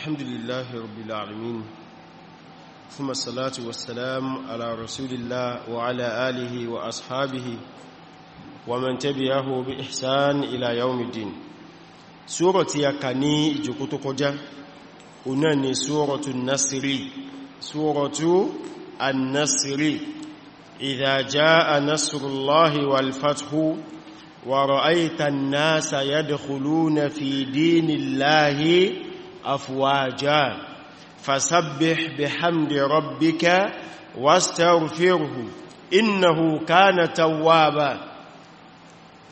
الحمد لله رب العالمين ثم الصلاة والسلام على رسول الله وعلى آله وأصحابه ومن تبعه بإحسان إلى يوم الدين سورة يكني جكوت قجا أنني سورة النصر سورة النصر إذا جاء نصر الله والفتح ورأيت الناس يدخلون في دين الله أفواجا فسبح بحمد ربك واستغفره إنه كان توابا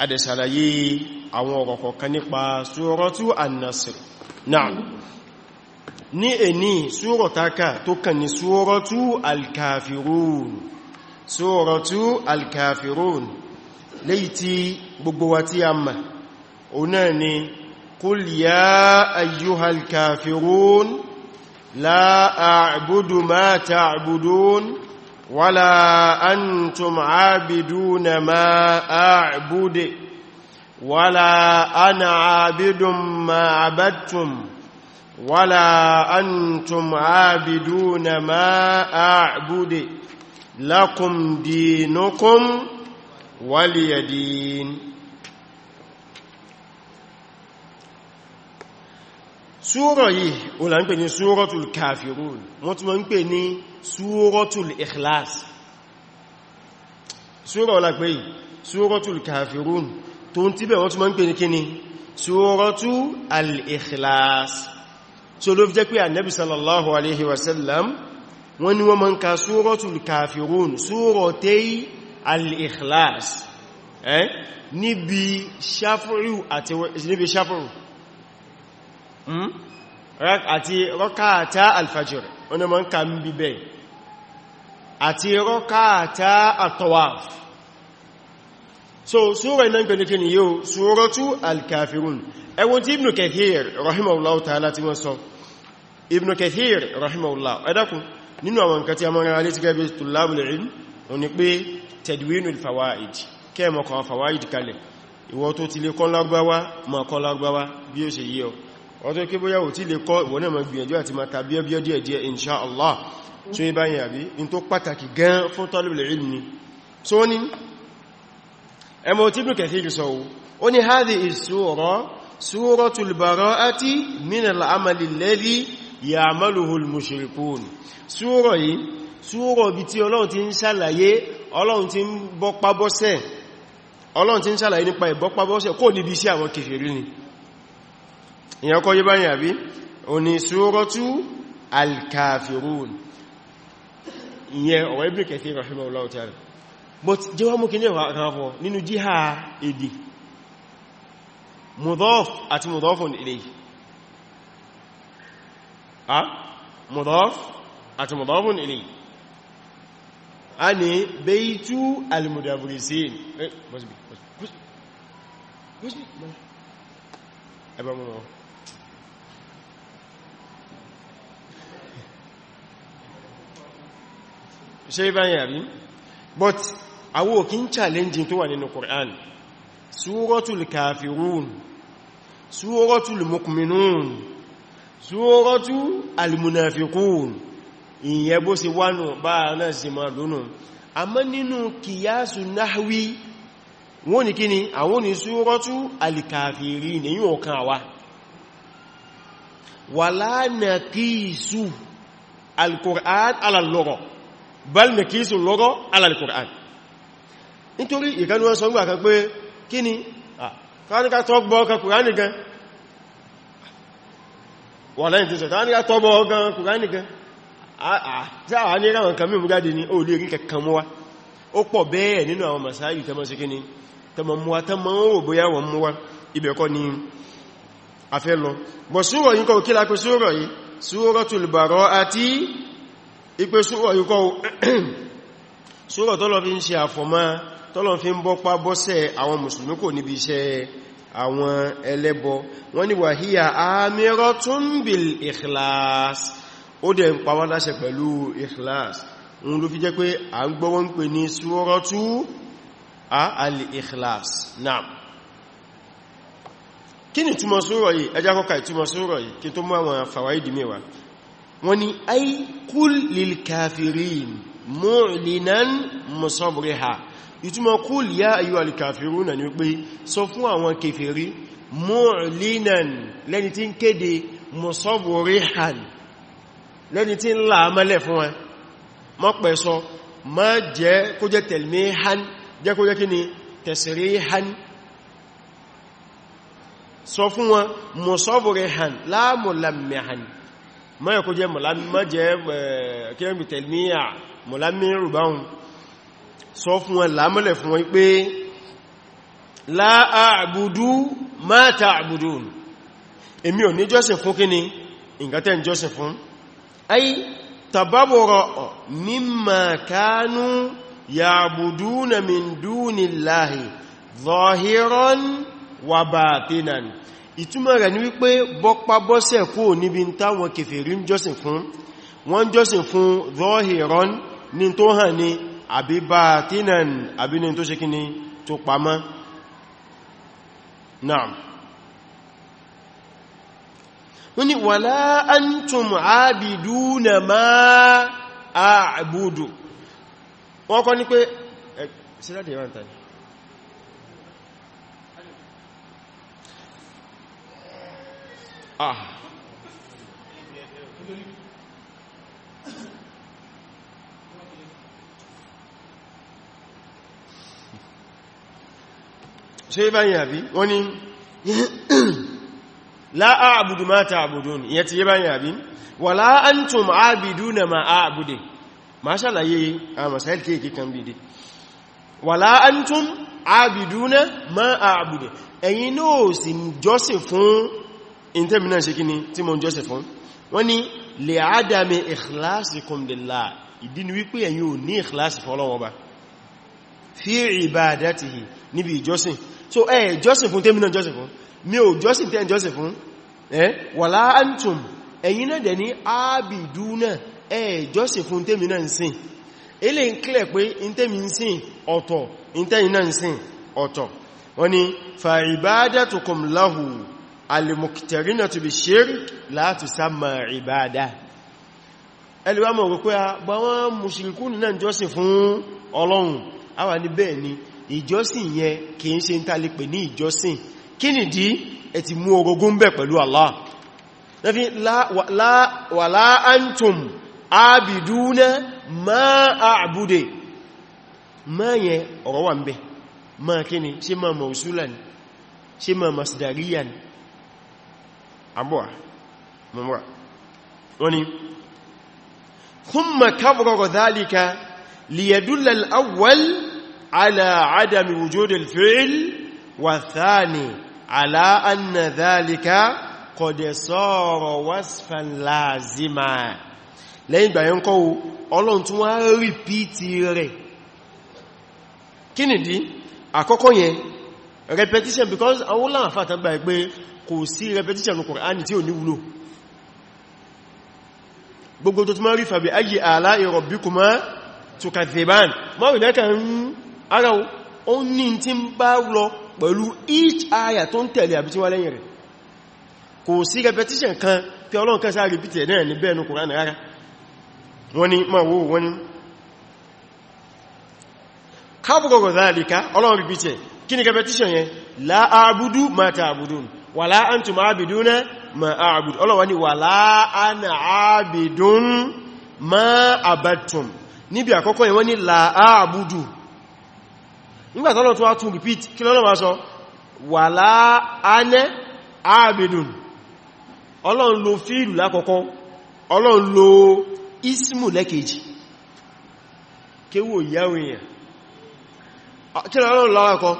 هذا سلايي أورق كنقبا سورة النصر نعم ní ẹni súrọ̀táka tó kàn ní súrọ̀tú alkafirun súrọ̀tú alkafirun léyìí tí gbogbo wa tí a mọ̀ o náà ni قل يا أيها الكافرون لا أعبد ما تعبدون ولا أنتم عابدون ما أعبد ولا أنا عابد ما عبدتم ولا أنتم عابدون ما أعبد لكم دينكم وليدين súúrọ̀ yìí o la ń pè ní súúrọ̀tul kafirun wọ́n tún wọ́n ń pè ní súúrọ̀tul ikhlas súúrọ̀ la pè yìí súúrọ̀tul kafirun tó ń tíbẹ̀ wọ́n tún wọ́n ń pè ní kíni súúrọ̀tu al-ikhlas so ló fi jẹ́ pé annabi sallallahu alaihi wasallam wọ́n ni wọ́n Hmm? àti rọ́kàtà alfajir wọ́n mọ́ ń ka ń bí bẹ́ẹ̀ àti rọ́kàtà àtọwàf so súrọ̀ iná pẹ̀lú kí ni yóò súrọ̀tú alkafirun ẹwọ́n tí ibn kathir rahimahullah ta'ala ti wọ́n sọ ibn kathir rahimahullah ẹ̀dàkùn nínú àwọn nǹkan tí a mọ́ra alé ti gẹ́gẹ́ tulabul ilm ọdún kí bóyá ò tí lè kọ́ ìwọ̀n náà ma gbìyànjú àti ma tàbí ọbíọ́ díẹ̀ díẹ̀ inṣá Allah tó yí báyìí àbí in tó pàtàkì gan fún talibul ilmi so ní ẹmọ tí Ibn Kathir sọ ó ní hadhihi sura suratul bara'ati minal amali alladhi ya'maluhu al-mushrikun súrọ̀ yìí súrọ̀ bí tí ọlọ́run ti ń ṣàlàyé ọlọ́run kó níbi iṣẹ́ àwọn kèfèrí ni ìyàn kọ́ yí báyìí àbí o ní ṣúrọ́tú alkafirun ìyẹn ọ̀rọ̀ Ibn Kathir rahimahullah ta'ala but jẹ́ wọ́n mú kí ní ọ̀rọ̀ nínú jíhà èdè mudaf àti mudafun ilayhi ha mudaf àti mudafun ilayhi a ní baytu al-mudabrisin eh, ẹgbẹ̀mọ̀ ṣe báyìí àbí but àwọn òkín challenging tó wà nínú Qur'an Suratul Kafirun Suratul Mu'minun Suratul Munafiqun ìyẹn bó ṣe wánù bá náà ṣe máa lónà àmọ́ nínú kìyásù náhwí wọ́n ní kíni àwọn ni Suratul Kafirin ọ̀kan àwá wala naqisu al-Qur'an ala al bal mekisu lọ́rọ̀ alal-Qur'an nítorí ìkanu wọn sọ ń gbà kan pé kí ka ah. káníká tọ́gbọ́ kan kùránì gan wọ́n lẹ́yìn tí sọ káníká tọ́gbọ́ ọkàn kùránì gan ah, ah. tí a ní ráwọn kan mímú jáde ní olè rí kẹkàn mọ́wá ó pọ̀ bẹ́ẹ̀ nínú àwọn masáyì tẹ́mọ́ sí kíní tẹ́mọ́ mọ́wá o ó bóyá ni a ipe súrọ̀ yíkọ́ súrọ̀ tọ́lọ̀ fi ń ṣe àfọ̀mọ́ tọ́lọ̀ fi ń bọ́pá bọ́sẹ̀ àwọn mùsùlùmí kò níbi iṣẹ́ àwọn ẹlẹ́bọ wọ́n ní wà híyà amiratun bil ikhlas ó dẹ̀ ń pàwọ́ láṣẹ pẹ̀lú ikhlas ń ló fi jẹ́ pé à ń gbọ́ pè ní súrọ̀tú al-ikhlas naam kí ni túmọ̀ súrọ̀ yìí ẹjá kọ́kà ìtúmọ̀ súrọ̀ yìí kí tó mú àwọn fàwáìdì mẹ́wàá wọ́n ni ay kul lil kafirin mu'linan musabriha ìtumọ̀ kul ya ayyuha al kafiruna ni pé sọ fún àwọn kèfèrí mu'linan lẹ́ni tí ń kéde musabrihan lẹ́ni tí ń láàmọ́lẹ̀ fún wọn mọ́ pẹ̀ sọ má jẹ́ kó jẹ́ telmihan jẹ́ kó jẹ́ kí ni tasrihan sọ fún wọn musabrihan la mulammihan mọ́yẹ̀ kó jẹ́ mọ́jẹ́ kíẹ̀mì tẹ̀lmíyà mọ́lámírù báhùn sọ fún wọn lámọ́lẹ̀ fún wọn pé láàbùdú máa ta àbùdú èmi ò ní jọ́sìn fún kíni nǹkan tẹ́ ń jọ́sìn fún ayi tàbábọ̀rọ̀ mímà kánú yàbùdú na min dúnillahi zọ́hírán wà bàtínan ìtumọ̀ rẹ̀ ní wípé bọ́pá bọ́sẹ̀ kú níbi táwọn kèfèrí ń jọ́sìn fún wọ́n jọ́sìn fún zọ́hìrán ní tó hàn ní àbíbá tínan àbínú tó ṣe kí tó pamọ́ náà wọ́n ni wala antum abiduna ma a'budu wọ́n kọ́ ní pé sílẹ̀ ah ṣe báyìí àbí wọ́n ni láà àbùdù máa ta àbùdù ní ìyẹ́ ti yẹ báyìí àbí wà láàntùm àbìdù na ma àbùdè ma ṣàlàyé a masáyil kéèkì bìdì wà láàntùm àbìdù na ma àbùdè ẹ̀yin náà sì jọ́sìn fún intẹ́mi náà ṣe kí ni tí mo ń jọ́sẹ̀ fún wọ́n ni lè ádámi ikhlasikum lillah ìdí ni wípé ẹ̀yin ò ní ikhlasi fún Ọlọ́run Ọba fi ibadatihi níbi ìjọ́sìn so ẹ jọ́sìn fún tẹ́mi náà jọ́sìn fún mi ò jọ́sìn tẹ́ jọ́sìn fún ẹ wala antum ẹ̀yin náà dẹ̀ ní ábìdúnà ẹ jọ́sìn fún tẹ́mi náà ń sìn ilé ń kílẹ̀ pé intẹ́mi ń sìn ọ̀tọ̀ intẹ́yin náà ni fa ibadatukum lahu alìmùkìtẹ̀rínà tó bí ṣírí láti sáàmà ìbáadá ẹlùwà mọ̀ wípé a bá wọ́n mùsùlùkún náà jọ́sìn fún ọlọ́run a wà ní bẹ́ẹ̀ ni ìjọ́sìn yẹn kì í ṣe ń tàlẹ̀ pè ní ìjọ́sìn kí ni dí ẹ ti mú orogún bẹ̀ pẹ̀lú Allah wala ṣe ma masdariya ni àbúwà mọ̀mọ́ra wọ́n ni ثم كبرر ذلك ليدل الأول على عدم وجود الفعل والثاني على أن ذلك قد صار وصفا لازما lẹ́yìn ìgbà yẹn kọ́wọ́ ọlọ́run tún wá rìpítì rẹ̀ kí nìdí àkọ́kọ́ yẹn repetition because àwọn láàfà tàbí pé kò sí repetition ní Kùránì tí ò ní wúlò gbogbo tó tí máa rí fàbí ayé àlá rabbikuma tukadhiban mọ́rin lẹ́kà ń ara ó ní tí ń bá lọ pẹ̀lú each aya tó ń tẹ̀lé àbí tí wá lẹ́yìn rẹ̀ kò sí repetition kan pé Ọlọ́run kan sáré bí tẹ̀lé ní bẹ́ẹ̀ ni la a'budu ma ta'budun wàlá án tó náà ma àbùd ọlọ́wà ní wàlá ánà àbìdún ma àbàtùm níbi àkọ́kọ́ yẹn wọ́n la làábùdù nígbàtọ́lọ́ tó wá repeat kí lọ́nà máa sọ wàlá ánà àbìdún ọlọ́run fíìlù lákọ́kọ́ lo ismù lẹ́kejì kéwò ìyáwó èèyàn kí lọ́nà lọ́wọ́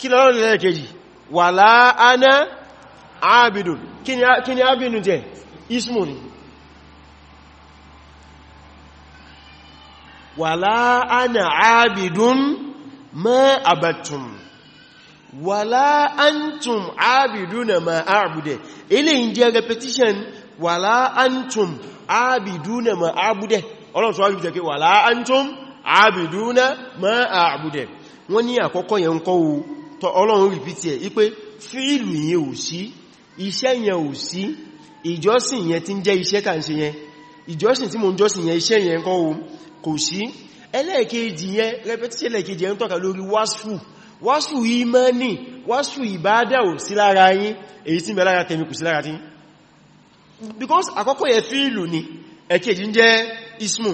kí lọ́rọ̀ ní lẹ́ẹ̀kejì wà láàánà ààbìdùn kí ni ààbìdùn jẹ́ ismù ni wà láàánà ààbìdùn mọ́ àbàtùn wà láàántùn ààbìdùn ma ààbùdẹ̀ ilé ń jẹ́ repetition wà láàántùn ààbìdùn ma ààbùdẹ̀ ọlọ́sọ́ ààbìdẹ̀ kí wà láàántùn ààbìdùn ma ààbùdẹ̀ wọ́n ní àkọ́kọ́ yẹn kọ́wọ́ tọ ọlọ́run rìpítì ẹ̀ ipé fíìlù yẹn ò sí iṣẹ́ yẹn ò sí ìjọsìn yẹn tí ń jẹ́ iṣẹ́ tà ń ṣe yẹn ìjọsìn tí mo ń jọsìn yẹn iṣẹ́ yẹn kọ́ kò sí ẹlẹ́ẹ̀kejì yẹn repetition ẹlẹ́ẹ̀kejì yẹn tọ́ka lórí wasfu imani wasfu ìbádà ò sí lára yín èyí tí because àkọ́kọ́ yẹn fíìlù ni ẹ̀kejì ń jẹ́ ismu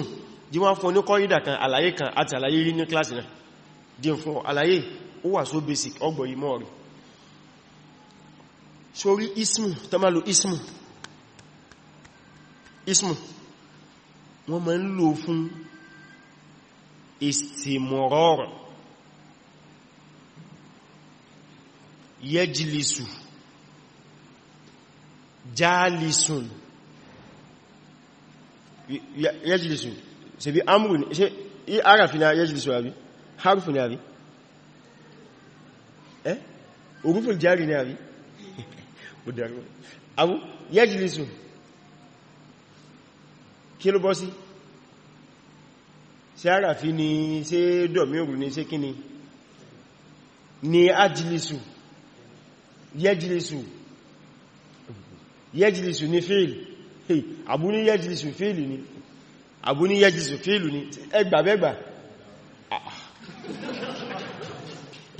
jí wọ́n fún oníkọ́ ìdà kan àlàyé kan àti àlàyé ó wà so basic ọgbọ̀ yìí mọ́ rí sórí ismu tamalo ismu ismu wọ́n ma ń lò fún istimorọ́rọ̀ yẹjìlìsù jálìsùn yẹjìlìsù ṣe bí amúrùn ṣe ara fi na yẹjìlìsù àbí harfi ni àbí orúfùn jari ní àrí òdàrú àwú yẹ́jìlísù kí ló bọ́ sí sí àràfí ni ṣe dọ̀míòrù ní ṣe kíni ni ni ájìlísù yẹ́jìlísù yẹ́jìlísù ní fíìlì àbú ní yẹ́jìlísù fíìlì ni àbú ní yẹ́jìlísù fíìlì ni ẹgbàbẹ́gbà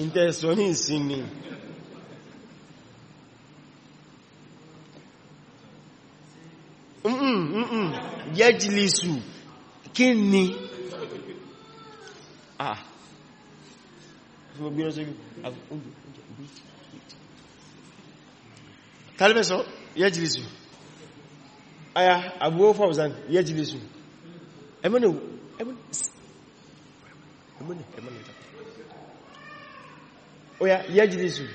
ìntẹ́sọ ní ìsinmi yẹ́jìlísù kí ah. ni ah tàbísọ yẹ́jìlísù aya àbúwó fọ́wọ́sán yẹ́jìlísù ẹmọ́nà ẹmọ́nà ẹmọ́nà oya yẹ́jìlísù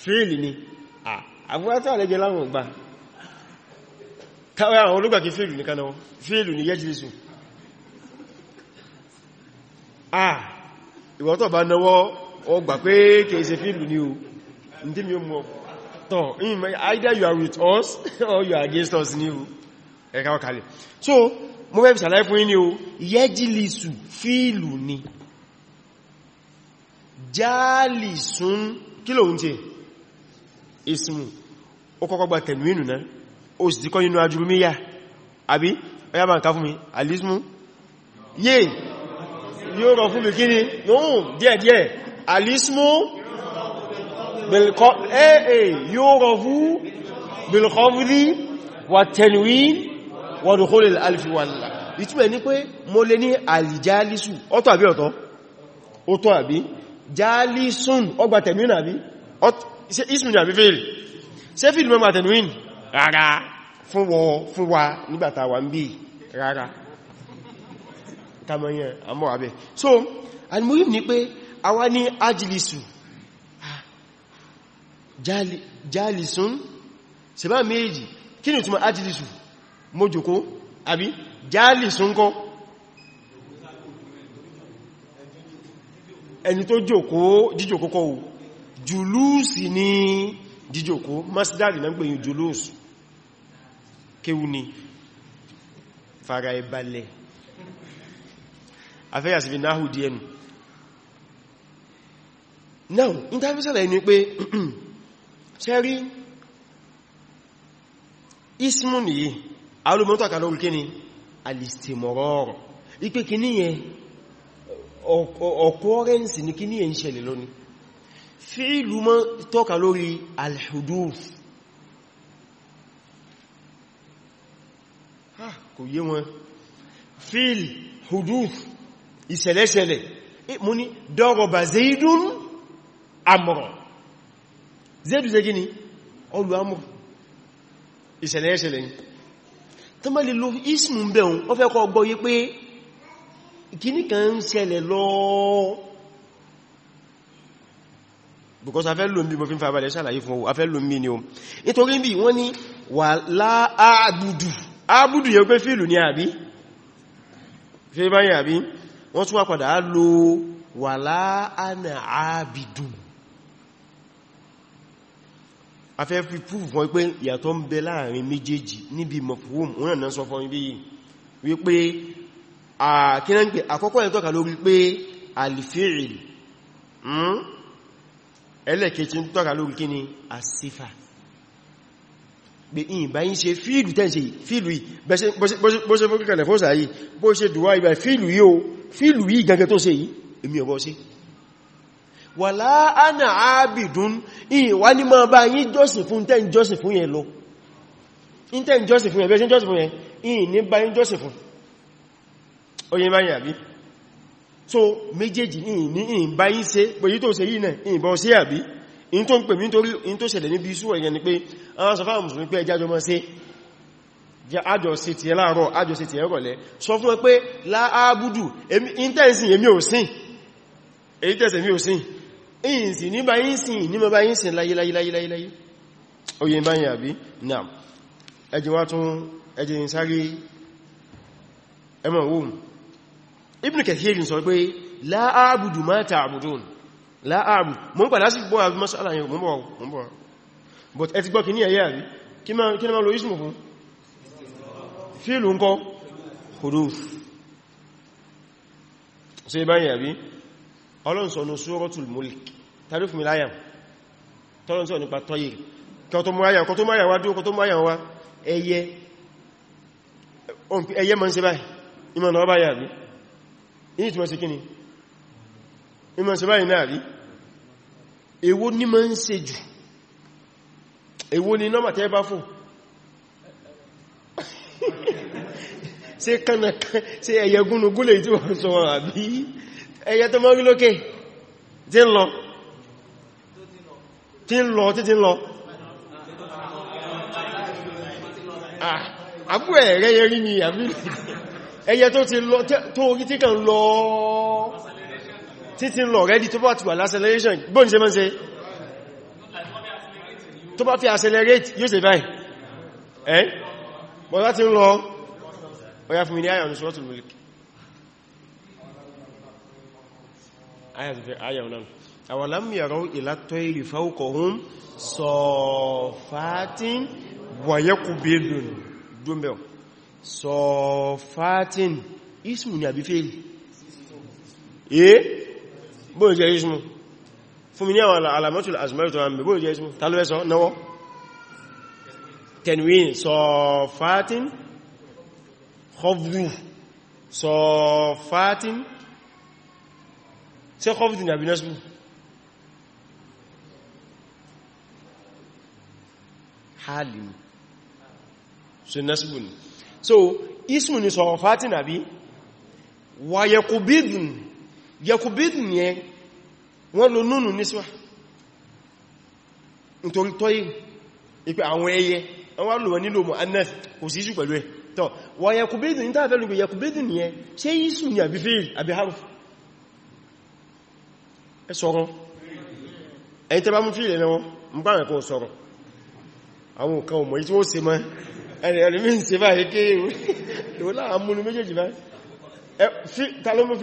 fíìlì ni àbúwátà àlẹ́jẹ́ láwọn ọgbà káwẹ́ àwọn olúgbàkí fíìlù nìkan náà fíìlù ní ah ìwọ́tọ̀ bá náwọ́ ọgbà pé kèèsè fíìlù ní o ndí mi ó mọ́ tọ́ either you are with us or you are against us ní o ẹ̀ka ọkàlẹ̀ so mo fẹ́ fún ní o yẹ́jìlísù fíìlù ní jálìsún kí lóhun tí ismu gba ó sì díkọ́ nínú ajúrúmíyà àbí ọyá bá ń ká fún mi alismu yé yóò rọ fún mi kí ni lóhun díẹ̀díẹ̀ alismu yóò rọ fún bilkọ́fúdí wà tẹ̀nwín wàdùkúlẹ̀ alfiwàlá ìtúwẹ̀ ní pé mo lè ní alìjálísù ọ̀tọ̀ àbí ọ̀tọ̀ ọ̀tọ̀ àbí jálísùn ọgbà tẹ̀nwín àbí ismu ni àbí fèèrè ṣe fìlú mẹ́gbà rárá fún wọn fún wa nígbàtà wà ń bí rárá kàmọ̀yàn àmọ́ àbẹ̀ so almuhim ni pé àwa ní ajilisu jalisun ṣe bá méjì kí ni ìtumọ̀ ajilisu mojòkó àbí jalisun kọ́ ẹni tó jòkó jíjòkó kọ́ jùlúùsì ni jíjòkó masdari na ń gbẹ̀yìn jùlúùsì kéwú ni fara ìbalẹ̀ afẹ́yà sí fi náhù díẹ̀ nù náà ní tàbí sẹ́lẹ̀ ní pé ṣẹ́rí ismu nìyí alùmọ́tọ̀ kan lórí kíni alistimorọ́rọ̀ ipé kíní yẹn ọkọ̀ọ́rẹ́nsì ní kíní yẹn ń ṣẹlẹ̀ lónìí fíìlú tọ́ka lórí alhuduf kò yé wọn fil huduth ìṣẹ̀lẹ̀ṣẹ̀lẹ̀ mú ní dọ́rọ̀bà zaidun amọ̀rọ̀ zaidu zai gini ọlù amọ̀ ìṣẹ̀lẹ̀ṣẹ̀lẹ̀ tó mọ́ lè lo ismù bẹ̀rún ó fẹ́ kọ́ gbọ́ yí pé kíní kan ń ṣẹlẹ̀ lọ because afẹ́ lò mí mo fi ń farabalẹ̀ ṣàlàyé fún ọwọ́ afẹ́ lò mí ni o nítorí ábùdù yẹn pé fíìlù ní àbí fíì báyìí àbí wọ́n tún wá padà á lo wàlá ánà ábìdù afẹ́ fi púpù fún pé ìyàtọ̀ ń bẹ láàrin méjèèjì níbi mọ̀fúwòm wọ́n náà sọ fún ibi wípé àkínẹ́gbẹ̀ àkọ́kọ́ ẹ̀ tọ́ka lórí pé alifíìl hmm? ẹlẹ́kẹ̀ẹ́ tí ń tọ́ka lórí kíni asífà pé ìyìnbá yí ṣe fíìlù tẹ́ǹsì fíìlù yìí bó ṣe fókè kànẹ̀ fóòsà yìí bó ṣe dùwà ìbá fíìlù yìí o fíìlù yìí gangan tó ṣe yìí èmi ọ̀bọ̀ sí wala ana abidun ìwá ní ma bá yí jọ́sìn fún tẹ́ǹ jọ́sìn fún yẹn lọ tẹ́ǹ jọ́sìn fún yẹn bẹ́ẹ̀ jọ́sìn fún yẹn ìyìn ní bá yí jọ́sìn fún oye bá yàbí so méjèèjì ìyìn ní ìyìn bá yí ṣe pé yí tó ṣe yìí náà ìyìn bọ́ sí àbí in tó ń pè mí torí in tó ṣẹlẹ̀ níbi isú ẹ̀yẹn ni pé àwọn sọfá mùsùlùmí pé ẹjájọ mọ́ sí àjọ sí ti ẹláàrọ̀ àjọ sí ti ẹrọ̀lẹ́ sọ fún ẹ pé láàbùdù intensin èmi ò sìn èyí tẹ́sẹ̀ mi ò sìn ìyìnsìn ní bá yìnsìn ní mọ́ bá yìnsìn láyíláyíláyíláyí oye bá yìn àbí Ibn Kathir sọ pé láàbùdù mata àbùdùn láàrù um, mọ́ ń padà sí gbọ́ àbí masala yẹn mọ́ bọ̀ bọ̀ but ẹ ti gbọ́ kì ní ẹ̀yẹ́ àrí kí ní ma lo ismù fún fíìlù ń kọ́ huduf so ibá yẹ̀ àbí ọlọ́nsọ̀nù suratul mulk tàbí fún miláyà tọ́lọ́nsọ̀ nípa tọ́yì kọ́ tó mọ́ ìmọ̀ sí báyìí náà rí Ewo ní ma ń ṣe jù èwo ni nọ́mà tẹ́ bá fún ṣe kánàkán ṣe ẹ̀yẹ gúnugún lè tí wọ́n sọ wọn àbí ẹ̀yẹ tó mọ́rí lókè tí ń lọ tí ń lọ títí ń lọ àbú ẹ̀rẹ́yẹ rí ni àbí ẹ̀yẹ tó ti lọ tó orí tí kàn lọ́ọ́ títí ń lọ rẹ́dí tó bá ti wà l'acceleration bóòn ṣe mọ́ ṣe tó bá fi accelerate yóò ṣe báyìí ẹ́ bọ́ láti ń lọ ọya fún mi ní ayàwó ṣọ́tù múlik ayàwó náà awalam yaraw ila tayri fawqahum safatin wa yaqbidun dumbe safatin ismu ni abi fi'l eh bóò jẹ́ ismu fún mi ní àwọn alamatul asma'i tó hàn bóò jẹ́ ismu talwẹ́sọ náwọ́ tenwin sọfátín khofdu sọfátín ṣe khofdu ní abinasbu halim so nasbu ni so ismu ni sọfátín àbí wayekubidun yakubid nìyẹn wọ́n lo núnù níswá nítorí tọ́yí ipé àwọn ẹyẹ wọ́n lò wọ́n nílò mọ̀ anẹ́f kò sí ìṣù pẹ̀lú ẹ̀ tọ́ wà yakubid ní tàbí lùgbẹ̀ yakubid nìyẹn ṣe yíṣù ní àbí fèèrè àbí harf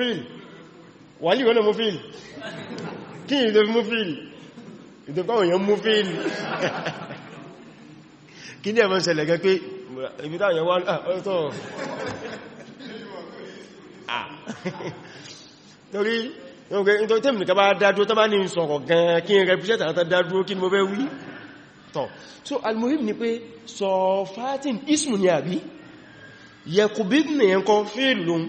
ẹ wàlí ìwọ́n mú fíìlì kí ní ìdòfin mú fíìlì ìdòfin àwọn èèyàn mú fíìlì kí ní ẹ̀mọ́ ìṣẹ̀lẹ̀ gẹ́ pé ibi táwọn wá ọ̀tọ̀ ah, ah. torí nítorí tèmi nìkan bá dádúró tó bá ní sọ̀rọ̀ gan kí n represent àwọn dádúró kí ni mo fẹ́ wí tọ̀ so almuhim ni pé sọ fatin ismu ni àbí yẹkùbí nìyẹn kan fíìlì lóhun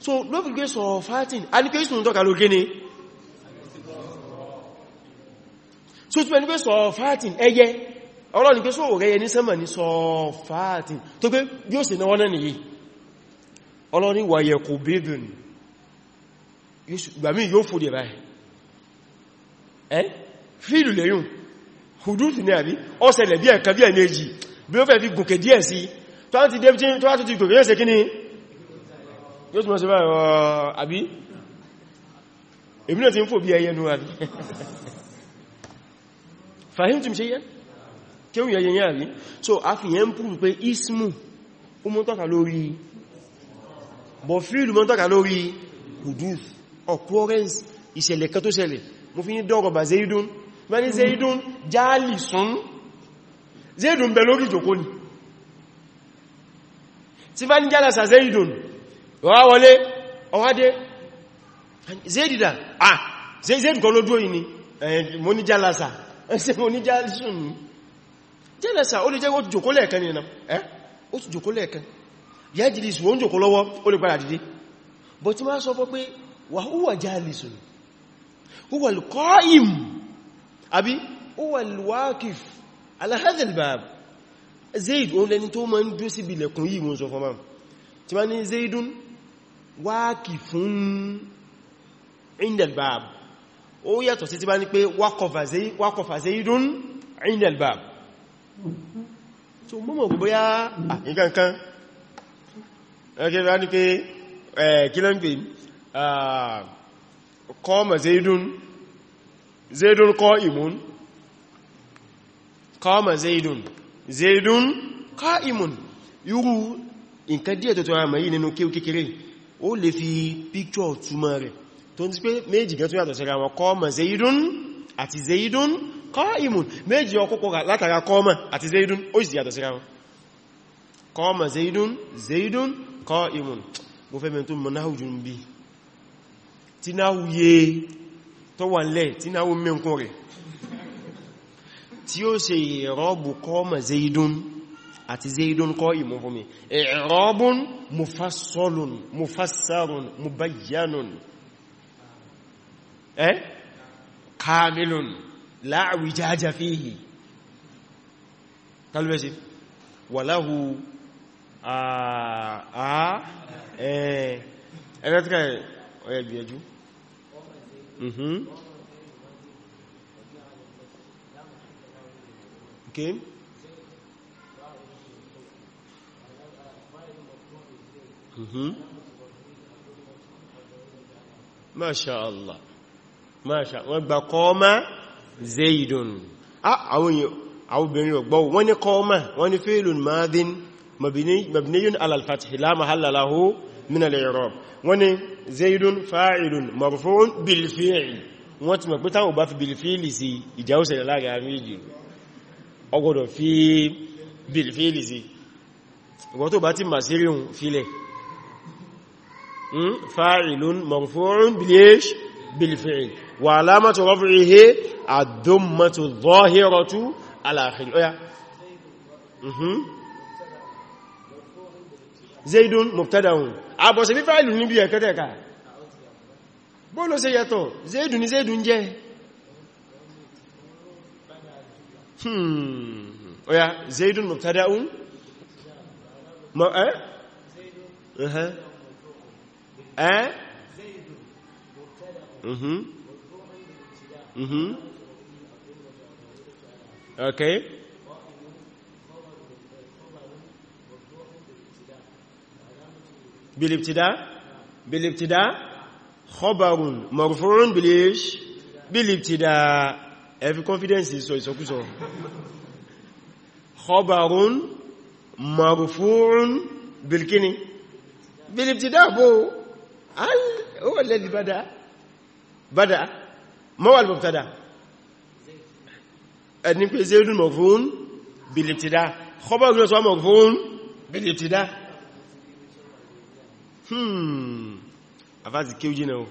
so ló fi gbé sọ̀rọ̀ fàtín a ní pé ìsùn tọ́ka ló gé ní so tí pẹ̀lú pé sọ̀rọ̀ fàtín ẹyẹ ọlọ́ni pé sọ̀rọ̀ To ní sẹ́mà ní sọ̀rọ̀ fàtín tó pé yóò sì náwọ́ náà nìyí ọlọ́ni wàyẹ̀ kò bídùn ìgbàmí yóò fò dẹ̀ báyìí ẹ́ fíìlù lẹ́yùn hùdúùtù ní àbí ọ̀sẹ̀lẹ̀ bí ẹ̀kan bí ẹ̀mẹ́jì bí ó fẹ́ fi gòkè díẹ̀ sí tó á ti dé tó á tó ti gòkè yóò ṣe kí ni yóò túnmọ̀ sí báyìí àbí ìbínà tí ń fò bí ẹyẹ núwà bí fahimtum ṣe yẹn tí ó yẹyẹ yẹn so a fi yẹn ń púrù pé ismu o mọ́ tọ́ka lórí bọ̀ fíìlù mọ́ tọ́ka lórí hudus occurrence ìṣẹ̀lẹ̀ kan tó zaidun bá zaidun jáàlì sún zaidun bẹ lórí ìjòkó ni wọ́n wọlé ọwádé zéèdìdà ah zéèdì kan ló dúró yìí ni mo ní jálásà ẹsẹ mo ní jálásùn ní jálásà ó lè jẹ́ ó ti jòkó lẹ́ẹ̀kan ní ẹ̀ ó ti jòkó lẹ́ẹ̀kan yájìlìsù ó ń jòkó lọ́wọ́ ó lè padà dìde bọ̀ tí máa sọ fọ́ pé wà húwà jálìsùn húwà lùkọ́ìm àbí húwà lùwákìf zaidun wáàkì fún indelbab ó yàtọ̀ sí ti bá ní pé wákọ̀fà zaidun indelbab so mọ́mọ̀ gbogbo yá nǹkankan ẹgbẹ́ bá ní pé kílẹ̀mgbé kọ́mọ̀ zaidun zaidun kọ́ imun kọ́mọ̀ zaidun zaidun kọ́ imun irú nǹkan díẹ̀ tó tó àmà yìí nínú kékeré ó lè fi píkṣọ́ túmọ̀ rẹ̀ tó ń ti pé méjì gan tó yàtọ̀ síra wọn kọ́ọ̀mọ̀ zaidun àti zaidun kọ́ìmùn méjì ọkọ́kọ́ látara kọ́ọ̀mọ̀ àti zaidun ó sì yàtọ̀ síra wọn kọ́ọ̀mọ̀ zaidun zaidun kọ́ìmùn mo fẹ́ mẹ́tún mọ̀ náà jùn bí tí náà yé tó wà lẹ́ tí náà mẹ́kún rẹ̀ àti zaidun kọ́ ìmú fún mi i'rabun mufassalun mufassarun mubayyanun eh kamilun la wijaja fihi talbesi walahu a a eh ẹgbẹ́ tí káyẹ̀ okay Mm-hmm. Mashallah Masha wọ́n gba kọ́ọ́má Zaidun àwọn obìnrin ọgbọ́ wọ́n ní kọ́ọ́má wọ́n ní fèèlùn maadin mabiniyun alalfatihi la mahalla lahu min al-i'rab wọ́n ní Zaidun fa'ilun marfu'un bilfi'il wọ́n ti mọ̀ pé táwọn bá fi bilfi'ili sí ìjáúsẹ̀ láàrin Hmm? fa'ilun marfu'un bilish bilfi'il wa alamatu raf'ihi ad-dammatu adh-dhahiratu ala akhir oya mhm. zaidun mubtada'un abo ṣe bí fa'ilun ni bí e kete ka bó ló ṣe yàtọ̀ zaidun ni zaidun jẹ́ hmm. zaidun mubtada'un ma eh zaidun ẹ́ eh? mm-hmm. mm-hmm. ok bilibtida bilibtida khabarun marfu'un bilish bilibtida ẹ̀fí confidence sọ ìsọkúsọ khabarun marfu'un bilkini bilibtida bóò هو الذي بدأ بدأ ما هو المبتدا أدنى في زيد مغفون بالابتداء خبر غير سواء مغفون بالابتداء هم أفاز كيو جينو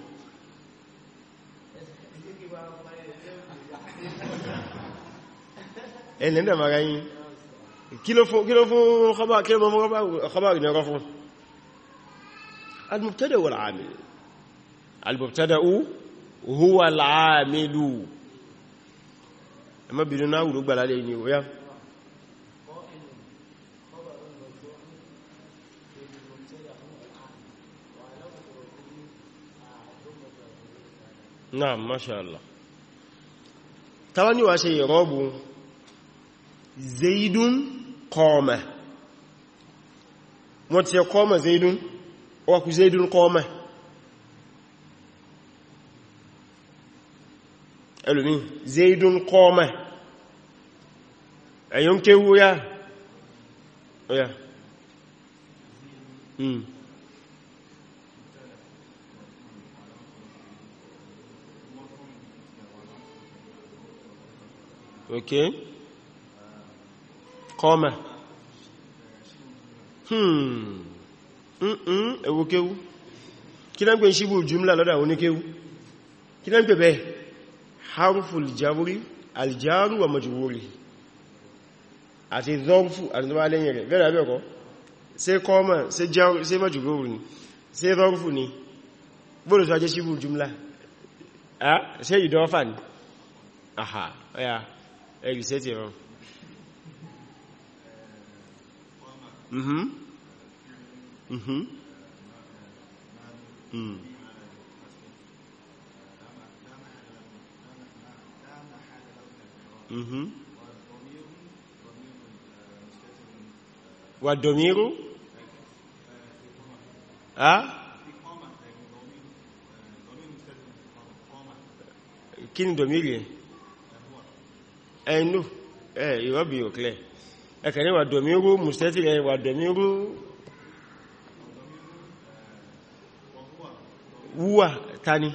ẹ̀lẹ́ndà mara yìí kí ló fún kí ló fún khabar ní ọkọ̀ fún المبتدا والعامل المبتدا هو العامل اما بدنا ولو غبا لاله ني ويا نعم ما شاء الله تواني واشي ربو زيد قامه متى قام زيدون؟ de um zéèdù ń kọ́ ọmọ ẹlùmí zéèdù ń kọ́ ọmọ ẹ̀yọ́ ń kéwú ya ọ̀yà ok kọ́ hum ẹwọ kéwú kí náà ń pè ṣíbù jùmlà lọ́dà oníkéwú kí náà ń pè bẹ́ẹ̀ harful jaburi aljaru wa majwuri àti zọ́rfù àti tó bá lẹ́yìn rẹ̀ bẹ́ẹ̀ àbẹ́ ọkọ̀ ṣe kọ́mọ̀ ṣe majwuri ni ṣe zọ́rfù ni bóòlù tó ajé ṣíbù jùmlà ṣe ìdọ́fà ni àhà Mm-hmm. Mm. Mm-hmm. والضمير ها كين ضمير اينو اي يوبي اوكلي اكني والضمير مستتر والضمير nubuwa ta ni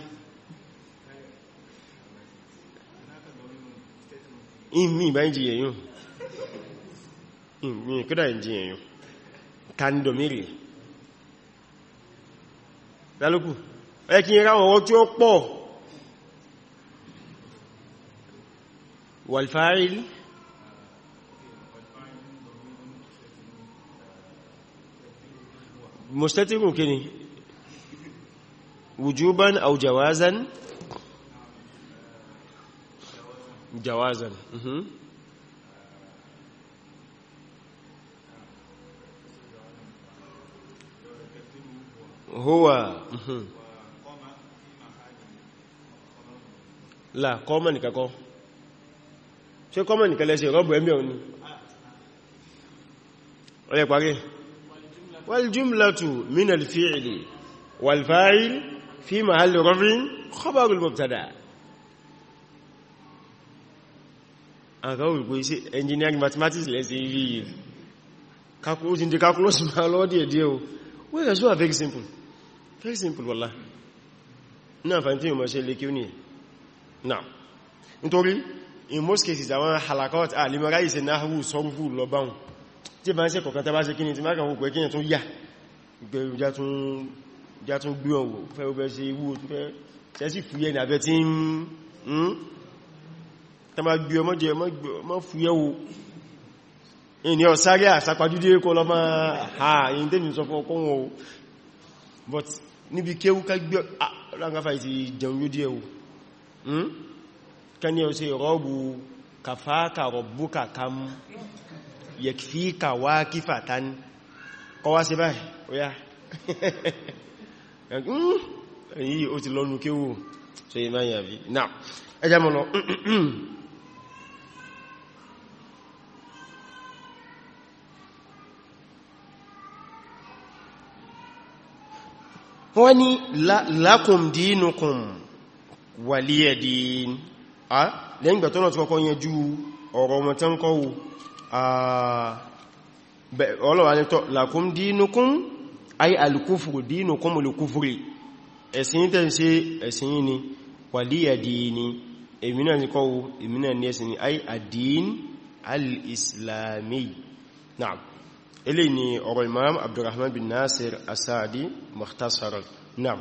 ìmì ìbá ń jìyàn yóò ìmì ìkúdà ń jìyàn yóò ta ni domiri lálùkù ẹkí ìráwọn ọwọ́ tí ó pọ̀ wàlfàáìlì mọ̀sítẹ́tìrù kìíní wujuban aw jawazan jawazan mhm huwa mhm la kọ́mọ̀ nìkan kọ́ ṣe kọ́mọ̀ nìkan lẹ́ṣẹ̀ rọ́bù ẹ̀mí ọ̀ni ọ̀rẹ́ parí wal jumlatu min al fi'li wal Fi محل رفع خبر المبتدا aga o gbe se engineering mathematics le se yi calculus in the calculus ma lo die die o we are so very simple very simple wala. na fa nti mo se le ki oni now in most cases àwọn halakot alimara ise nahwu sorfu lo baun tí ba se kokan tá bá ṣe kíni tí ma kan wo pé kíni tún ya gbe ja tún já tún gbé ọ̀wọ̀ fẹ́ ọbẹ̀ ṣe iwu fẹ́ ṣẹ́sì fúyẹ́ ní abẹ́ tí ń hmm? tàbí gbé ọmọ jẹ ọmọ fúyẹ́ wo ní ọ̀sárí àsápajúdé kọ́ lọ máa ha èyí tẹ́mi sọ but níbi kéwú ká gbé hmm? ọlọ́gbáfà ó yá Hmm, ẹ̀yí ó ti lọ́nu kéwò tó yí máa yàbí náà ẹjá mọ́ lọ wọ́n ni lakum dinukum waliya din a lẹ́yìn ìgbà tó náà ti kọ́kọ́ ọ̀rọ̀ ọmọ tán kọ́wò ọlọ́wà ní tọ́ lakum dinukum ay alkufru dinukum alkufri ẹ̀sìn tẹ́ ṣe ẹ̀sìn ni waliya dini èmi náà ni kọ́wọ́ èmi náà ni ẹ̀sìn ay adin alislami na'am ilé ni ọ̀rọ̀ imam abdurrahman bin nasir asadi mukhtasar na'am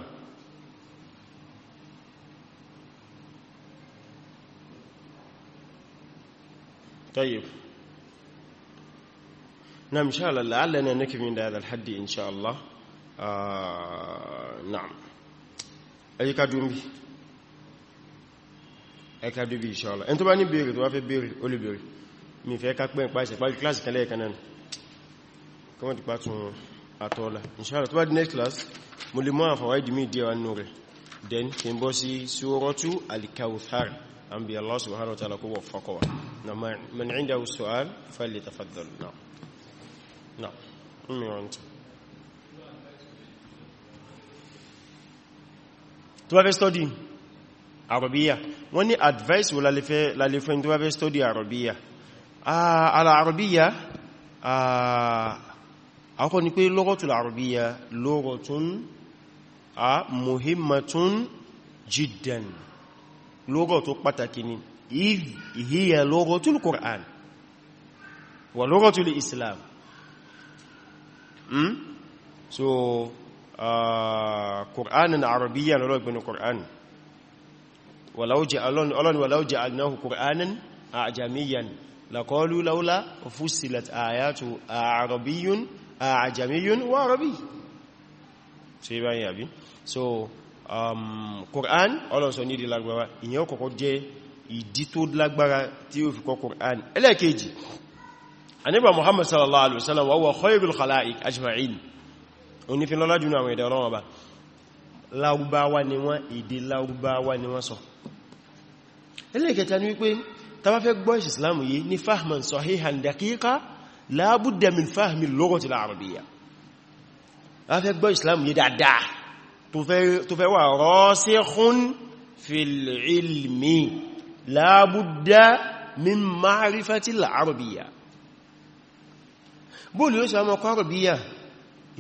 طيب نعم إن شاء الله لعلنا نكفي عند هذا الحد إن شاء الله آه، نعم أي كادومي أي كادومي إن شاء الله أنتم باني بيري دوا في بيري أولي بيري مين في كاكبين بايسة باري كلاس كان لأي كانان كما تباتون أطولة إن شاء الله تبا دي نيك كلاس مولي ما فوائد مي ديوان نوري دين كين بوسي سورتو الكاوثار أنبي الله سبحانه وتعالى كو نعم من عنده سؤال فليتفضل نعم No, mi rántí. Tó bá fẹ́ study Arabiya, wọ́n ní advice wo lálẹ́ fẹ́ tó bá fẹ́ study Arabiya. Àlà Arabiya, àkọ́ ni pé lughatul Arabiya, lughatun muhimmatun jiddan, lugha tó pàtàkì ni, idh hiya lughatul Qur'an wa lughatul Islam. Hmm? so Qur'anan uh, Arabiyyan lọ́lọ́gbẹ̀ ní Qur'an ọlọ́ni walau ja'alnahu Qur'anan A'jamiyyan laqalu laula fussilat ayatu Arabiyyun A'jamiyyun wa Arabiy so yí báyìí àbí so um, Qur'an ọlọ́sọ ní ìdí lágbára ìyẹn kọ́kọ́ jẹ́ ìdí tó lágbára tí ó fi kọ́ Qur'an ẹlẹ́ẹ̀kejì anibra muhammad sallallahu alaihi wasallam wa huwa khayrul khalaiq ajma'in oni fi lola junu àwọn èdè Ọlọ́run ba Lárúbáwá ni wọ́n èdè Lárúbáwá ni wọ́n sọ ele keta ni wípé tá bá fẹ́ gbọ́ islam yìí ní fahman sahihan daqiqa la budda min fahmi lughati al-arabiyya tá fẹ́ gbọ́ islam yìí dáadáa tó fẹ́ tó fẹ́ wà rasikhun fil ilmi la budda min ma'rifati al-arabiyya bóòlù yóò sàmọ́ kọ́rọ̀ bí yà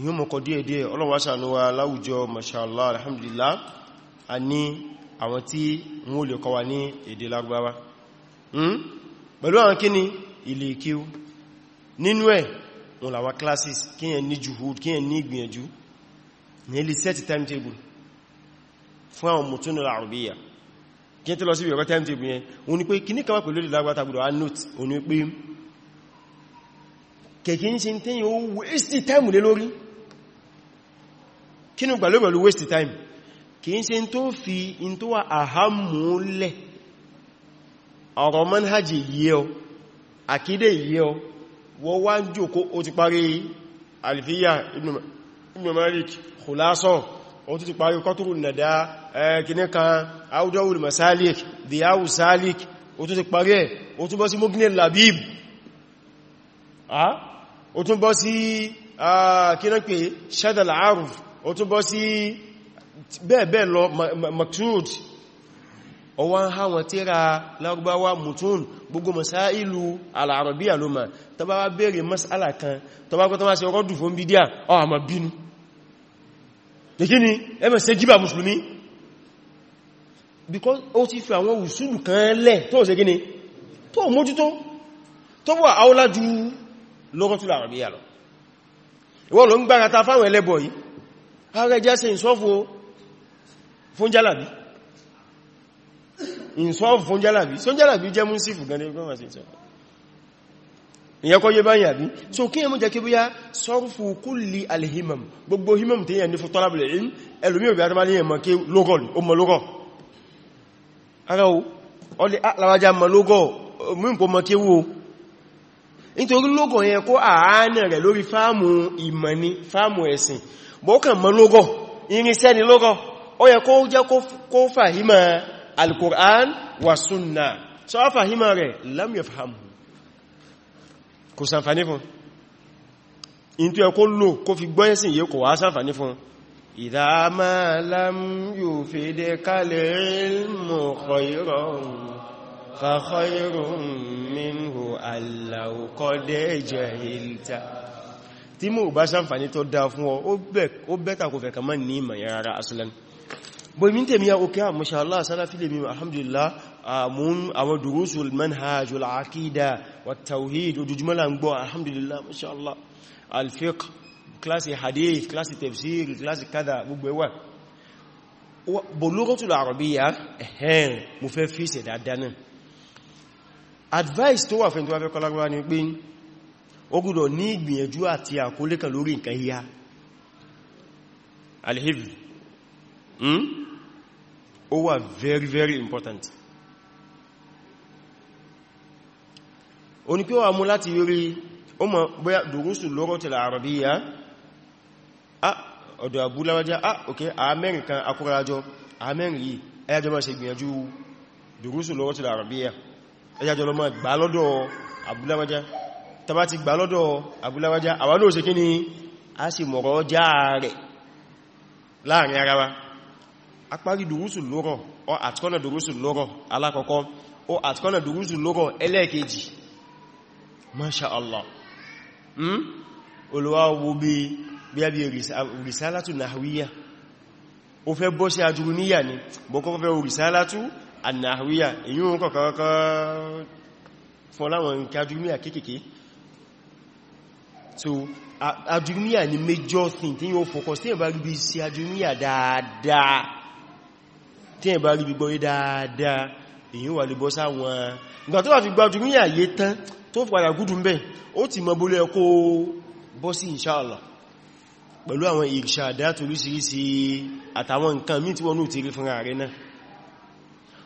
yíò mọ̀kọ̀ díẹ̀díẹ̀ ọlọ́wọ́sànúwà láwùjọ mashallah alhamdulillah a ní àwọn tí wọ́n lè kọ́ wa ní èdè Lárúbáwá hmm? pẹ̀lú àwọn kíni ilé kíw nínú ẹ̀ wọn làwọn classes kíyàn ní juhud kíyàn ní ìgbìyànjú ní set timetable fún àwọn mutunu al-arabiyya kí n tó lọ sí ìrọ̀kọ́ timetable yẹn wọn ni pé kíní kan wà pẹ̀lú èdè Lárúbáwá tàbí kèkí ń ṣe tí yíò waste time lé lórí kínú gbà ló pẹ̀lú waste time kì í ṣe tó fi in tó wà àhámúlẹ̀ ọ̀rọ̀ manhajì yíẹ ọ àkídẹ̀ yíẹ ọ wọ́n wá ń jòkó o ti parí alfiya ibn malik khulaso o ti parí kọtùrù nàdá kìníkan awdawul masalik diyawu salik o ti parí ẹ̀ o túnbọ́ sí mọ́gínlẹ̀ labib ah ó tún bọ́ sí kíná pé shadal aruf ó tún bọ́ sí bẹ́ẹ̀bẹ́ẹ̀ lọ maktud ọwọ́n àwọn tíra lárúbáwá mutun gbogbo masailu al'arabiya ló ma tó bá wá bèèrè masala kan tó bá kọta máa ṣe rọ́dù fún bídíà ọwọ́ àmà bínú ni ẹmẹ́ ṣe jíbà because ó ti fi àwọn usulu kan lẹ̀ tó ṣe gíní tó mójútó tó wà áwọ́lájú lọ́gọ́tùlà àrọ̀bíyà lọ ìwọ́n ló ń gbára ta fáwọn ẹlẹ́bọ̀ yìí ààrẹ jẹ́ sí ìṣọ́fò fún jálàbí ìṣọ́fò fún jálàbí só jálàbí jẹ́ mú sí fùgan so kí ẹmú jẹ́ kí bí yá sọ́rùfù kulli alhimam gbogbo himam tí yẹn ní fún tọ́lábìlẹ̀ ìlú ẹlùmí òbí adamali yẹn mọ̀ kí lógọ́lù o mọ̀ lógọ́ ara o ọlẹ́ mọ̀ lógọ́ mú ìpọ̀ mọ̀ kí wó nítorí lógọ̀ yẹn kó àánà rẹ̀ lórí fáàmù ìmọ̀ ni fáàmù ẹ̀sìn bọ́kàn mọ́ lógọ̀ irinṣẹ́ ni lógọ̀ ó yẹ kó jẹ́ kó fàhímà al-Qur'an wa sunna so a fàhímà rẹ̀ lam yafhamu kò sànfàní fún in tó yẹ kó lò kó fi gbọ́yẹ̀sìn yẹ kò فخير منه ألو قد جهلت tí mo bá ṣàǹfàní tó dáa fún ọ ó bẹ́ta kò fẹ̀kà mọ́ ní ìmọ̀ yẹn rárá aslan bó imin tèmi ya ah, òkè mashallah salafi lè mímọ̀ alhamdulillah àwọn durusul manhaj aqida wat-tawhid ojoojúmọ́lá ń gbọ́ alhamdulillah mashallah al-fiqh kílásì hadith kílásì tafsir kílásì kada gbogbo ẹwà bó lughatul arabiyya ẹ̀hẹ́n mo fẹ́ fíṣẹ̀ dáadáa náà advice tó wà fẹ́ tó wá fẹ́ kọlárúwá ni pé ó gúdọ̀ ní ìgbìyànjú àti àkólé kan lórí nǹkan yíya alhifz hmm? ó wà very very important ó ní pé wà mú láti rí ó mọ̀ bóyá dòrúsù lọ́rọ̀ tẹ̀lẹ̀ àrọ̀bíyà ọ̀dọ̀ àbúláwájá ah ok amẹ́rin kan akúrájọ amẹ́rin yìí ẹyàjọ́ máa ṣe gbìyànjú dòrúsù lọ́rọ̀ tẹ̀lẹ̀ àrọ̀bíyà ẹjájọ́ lọ mọ́ gbà lọ́dọ̀ abúláwájá tàbá ti gbà lọ́dọ̀ abúláwájá àwa náà ṣe kí ni a sì mọ̀rọ̀ já rẹ̀ láàrin ara wa apárí dùrúsù lórọ̀ ọ àtkọ́nà dùrúsù lórọ̀ alákọ̀ọ́kọ́ ọ àtkọ́nà dùrúsù lórọ̀ ẹlẹ́ẹ̀kejì masha Allah hmm? olùwà wo bí bí i rìsálátù nahwiyya ó fẹ́ bọ́ sí annahwiya èyí wọn kọ̀kọ̀kọ́ fún láwọn nǹkan ajúmíà kéèkèé so ajúmíà ni major thing tí yíò fọ́kọ́ tí yẹn bá rí bí sí ajúmíà dáadáa tí yẹn bá rí bí gbọ́rí dáadáa èyí wà lè bọ́ sáwọn ìgbà tó wà fi gbájú ní àyè tán tó padà gúdù ń bẹ̀ ó ti mọ bólẹ̀ kó bọ́ sí inṣáàlá pẹ̀lú àwọn ìrìṣà àdá torísìírísìí àtàwọn nǹkan mí tí wọ́n ní ò ti rí fúnra rẹ̀ náà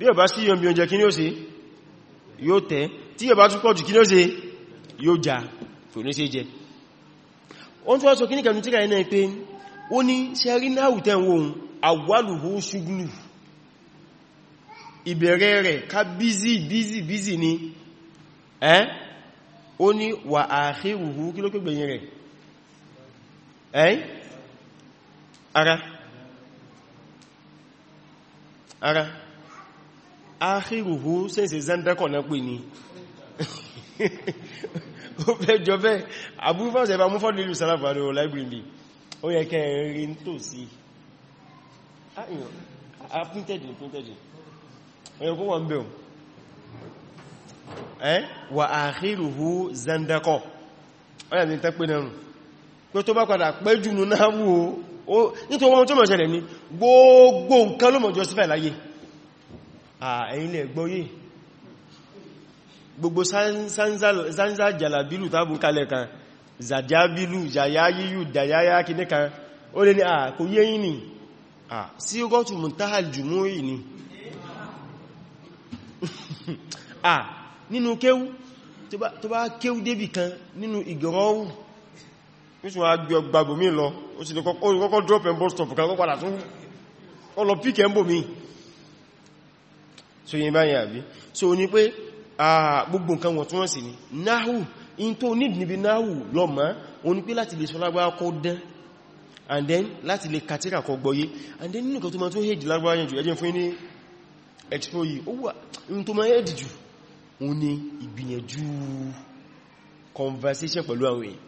bí ọba sí yọmbi oúnjẹ kí ní ó ṣe yóò tẹ́ tí ọba tún pọ̀jù kí ní ó ṣe yóò já kò ní ṣe jẹ oun tí wọ́n kí ní kẹ̀mí tíra ẹ̀nà pé ó ní sẹ́rí náà tẹ́wọ̀n àwálùhó ṣúgbùlù ìbẹ̀rẹ̀ rẹ̀ ká bízì ni ẹ́ ó ní wà àhírùhú kí ló pẹ̀gbẹ̀yìn ara áhìrùhú sẹ́sẹ̀ zandakọ̀ náà pè ní ó fẹ́ jọ bẹ́ àbúfọ́sẹ̀ bá múfọ́dé ìlú sálàfàdé ò láìbìrìndì ó yẹ kẹ́ rí tó sí àpíntẹ̀dì píntẹ̀dì ọ̀yọ̀kún wọn bẹ̀ ẹ́ wà áhìrùhú zandakọ̀ ọ̀yà ní tẹ́pẹ́ náà pé tó bá padà pẹ́ jù nú náà wò ó nítorí wọn tó mọ̀ ṣẹlẹ̀ ní gbogbo nǹkan ló mọ̀ justify láyé ẹ̀yìn ẹ̀gbọ́yé gbogbo sanza jalabilu tábù kalẹ̀ kan zajabilu jayayiyu dayaya kìdẹ́ kan ó lè ní àkó yé yìí ni à sí ọgọ́tù muntahal jùmọ́ yìí ni à nínú kéwú tó bá kéwú débì kan nínú ìgọ́rọ̀wù ó sì wọ́n gbàgbòmí lọ ó sì kọ́kọ́ drop and bus stop kan kọ́ padà tún ọlọ píkẹ́ mbòmí so yin báyìí àbí so ní pé gbogbo nǹkan wọ̀n tí wọ́n sì ní náhù in tó need níbi náhù lọ́mọ́ o ní pé láti lè sọ lágbára kọ́ dán and then láti lè kàtíkà kọ gbọ́yé and then nínú kan tó ma tó hèdì lágbára yẹn jù ẹjẹ́ fún ní expo yìí ó wà in tó ma hèdì jù o ní ìgbìyànjú conversation pẹ̀lú àwọn èèyàn